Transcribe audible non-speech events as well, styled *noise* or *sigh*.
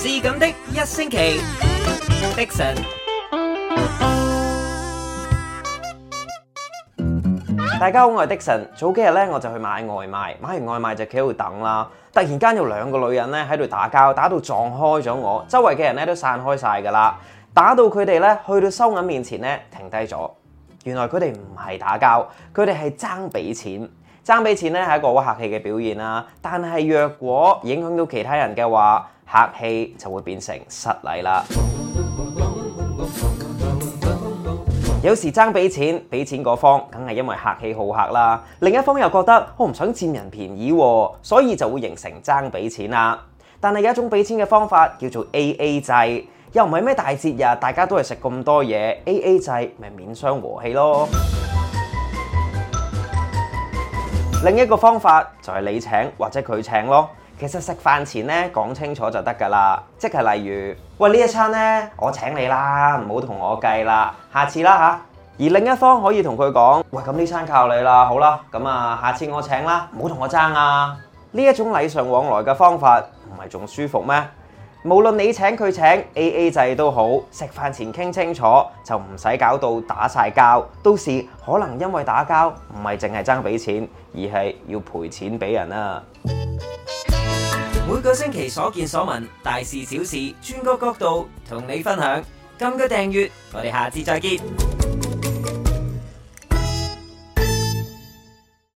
是咁的一星期，Dixon。大家好，我係 Dixon。早幾日咧，我就去買外賣，買完外賣就企喺度等啦。突然間有兩個女人咧喺度打交，打到撞開咗我，周圍嘅人咧都散開晒噶啦。打到佢哋咧去到收銀面前咧停低咗，原來佢哋唔係打交，佢哋係爭俾錢。爭俾錢咧係一個好客氣嘅表現啦，但係若果影響到其他人嘅話，客氣就會變成失禮啦。 *music* 有時爭俾錢，俾錢嗰方梗係因為客氣好客啦，另一方又覺得我唔想佔人便宜，所以就會形成爭俾錢啦。但係有一種俾錢嘅方法叫做 AA 制，又唔係咩大節日，大家都係食咁多嘢，AA 制咪免傷和氣咯。另一個方法就係你請或者佢請咯，其實食飯前呢，講清楚就得噶啦，即係例如喂呢一餐呢，我請你啦，唔好同我計啦，下次啦吓，而另一方可以同佢講喂咁呢餐靠你啦，好啦，咁啊下次我請啦，唔好同我爭啊，呢一種禮尚往來嘅方法唔係仲舒服咩？無論你請佢請 AA 制都好，食飯前傾清楚就唔使搞到打晒交。到時可能因為打交，唔係淨係爭俾錢，而係要賠錢俾人啊。每個星期所見所聞，大事小事，專哥角度同你分享。撳個訂閱，我哋下次再見。